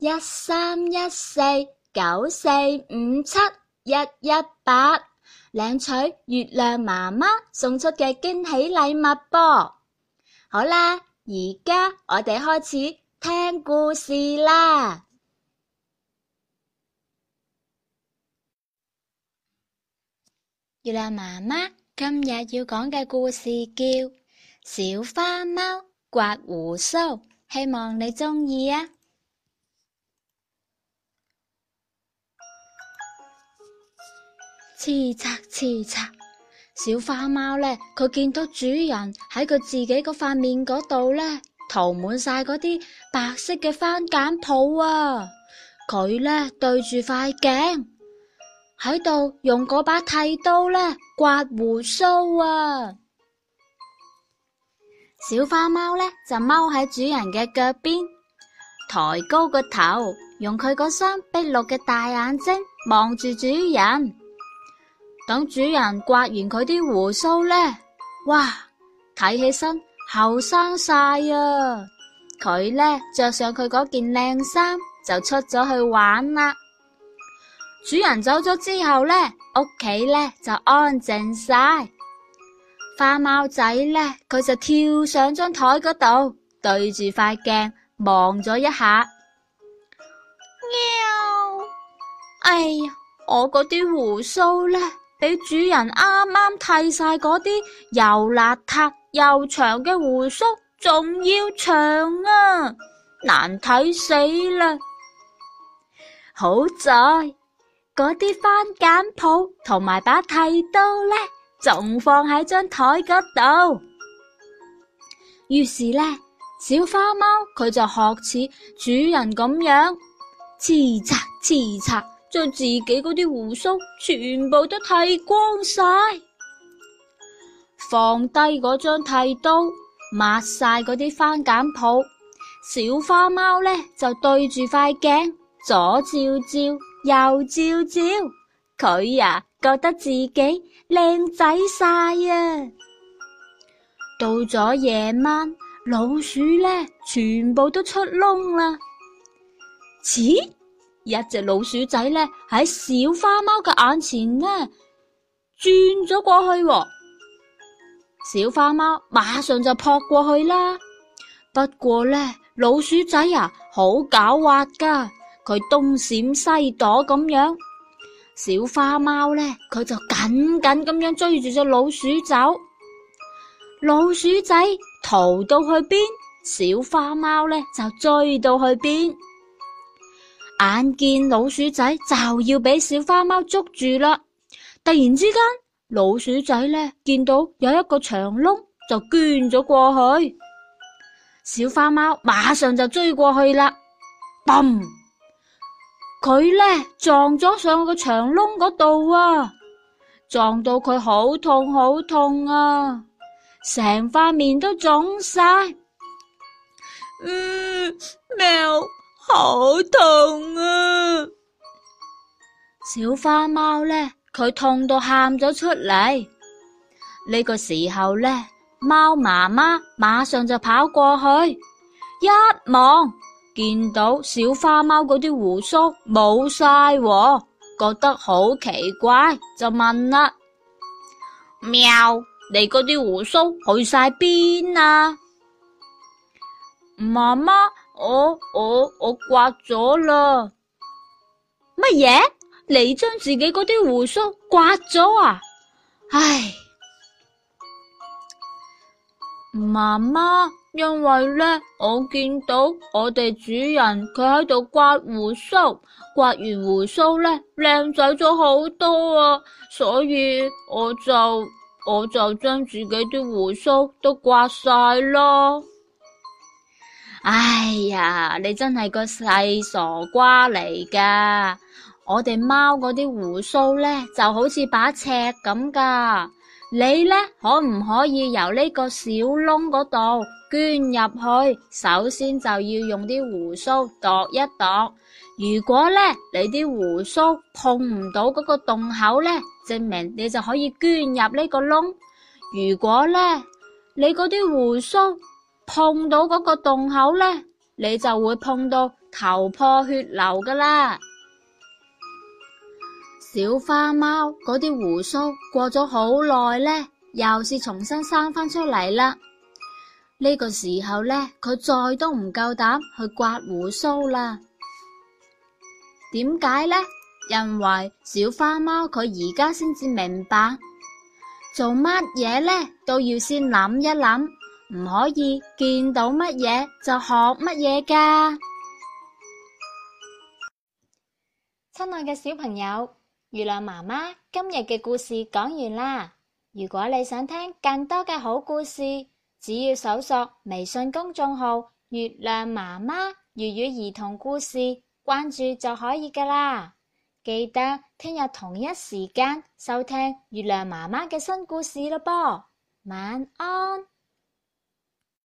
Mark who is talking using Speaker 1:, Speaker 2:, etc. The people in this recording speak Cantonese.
Speaker 1: 一三一四九四五七一一八，領取月亮媽媽送出嘅驚喜禮物啵！好啦，而家我哋開始聽故事啦。月亮媽媽今日要講嘅故事叫《小花貓刮鬍鬚》，希望你鍾意啊！黐嚓，黐嚓。小花貓呢？佢見到主人喺佢自己嗰塊面嗰度呢，塗滿晒嗰啲白色嘅番梘泡啊！佢呢對住塊鏡，喺度用嗰把剃刀呢刮鬍鬚啊！小花貓呢，就踎喺主人嘅腳邊，抬高個頭，用佢嗰雙碧綠嘅大眼睛望住主人。等主人刮完佢啲鬍鬚呢，哇，睇起身後生晒啊！佢呢着上佢嗰件靚衫就出咗去玩啦。主人走咗之後呢，屋企呢就安靜晒。花貓仔呢，佢就跳上張台嗰度，對住塊鏡望咗一下。喵，哎呀，我嗰啲鬍鬚呢。畀主人啱啱剃晒嗰啲又邋遢又長嘅胡鬚仲要長啊，難睇死啦！好在嗰啲番梘泡同埋把剃刀呢，仲放喺張台嗰度。於是呢，小花貓佢就學似主人咁樣，刺扎刺扎。將自己嗰啲胡鬚全部都剃光晒，放低嗰張剃刀，抹晒嗰啲番梘泡，小花貓呢就對住塊鏡，左照照，右照照，佢呀覺得自己靚仔晒啊！到咗夜晚，老鼠呢全部都出窿啦，咦？一隻老鼠仔咧喺小花貓嘅眼前呢，轉咗過去喎，小花貓馬上就撲過去啦。不過咧，老鼠仔啊好狡猾噶，佢東閃西躲咁樣，小花貓咧佢就緊緊咁樣追住隻老鼠走，老鼠仔逃到去邊，小花貓咧就追到去邊。眼見老鼠仔就要俾小花貓捉住啦，突然之間，老鼠仔咧見到有一個長窿，就鑽咗過去。小花貓馬上就追過去啦，嘣！佢咧撞咗上個長窿嗰度啊，撞到佢好痛好痛啊，成塊面都腫晒。嗯，喵。好痛啊！小花貓呢，佢痛到喊咗出嚟。呢個時候呢，貓媽媽馬上就跑過去，一望見到小花貓嗰啲鬍鬚冇晒，覺得好奇怪，就問啦：喵，你嗰啲鬍鬚去晒邊啊？媽媽。我我我刮咗啦！乜嘢？你將自己嗰啲鬍鬚刮咗啊？唉，媽媽，因為呢，我見到我哋主人佢喺度刮鬍鬚，刮完鬍鬚呢，靚仔咗好多啊，所以我就我就將自己啲鬍鬚都刮晒囉。哎呀，你真係個細傻瓜嚟噶！我哋貓嗰啲鬍鬚呢，就好似把尺咁噶。你呢，可唔可以由呢個小窿嗰度捐入去？首先就要用啲鬍鬚度一度。如果呢，你啲鬍鬚碰唔到嗰個洞口呢，證明你就可以捐入呢個窿。如果呢，你嗰啲鬍鬚，碰到嗰個洞口呢，你就會碰到頭破血流噶啦。小花貓嗰啲鬍鬚過咗好耐呢，又是重新生返出嚟啦。呢個時候呢，佢再都唔夠膽去刮鬍鬚啦。點解呢？因為小花貓佢而家先至明白，做乜嘢呢都要先諗一諗。唔可以見到乜嘢就學乜嘢噶，親愛嘅小朋友，月亮媽媽今日嘅故事講完啦。如果你想聽更多嘅好故事，只要搜索微信公眾號“月亮媽媽粵語兒童故事”，關注就可以噶啦。記得聽日同一時間收聽月亮媽媽嘅新故事咯，噃，晚安。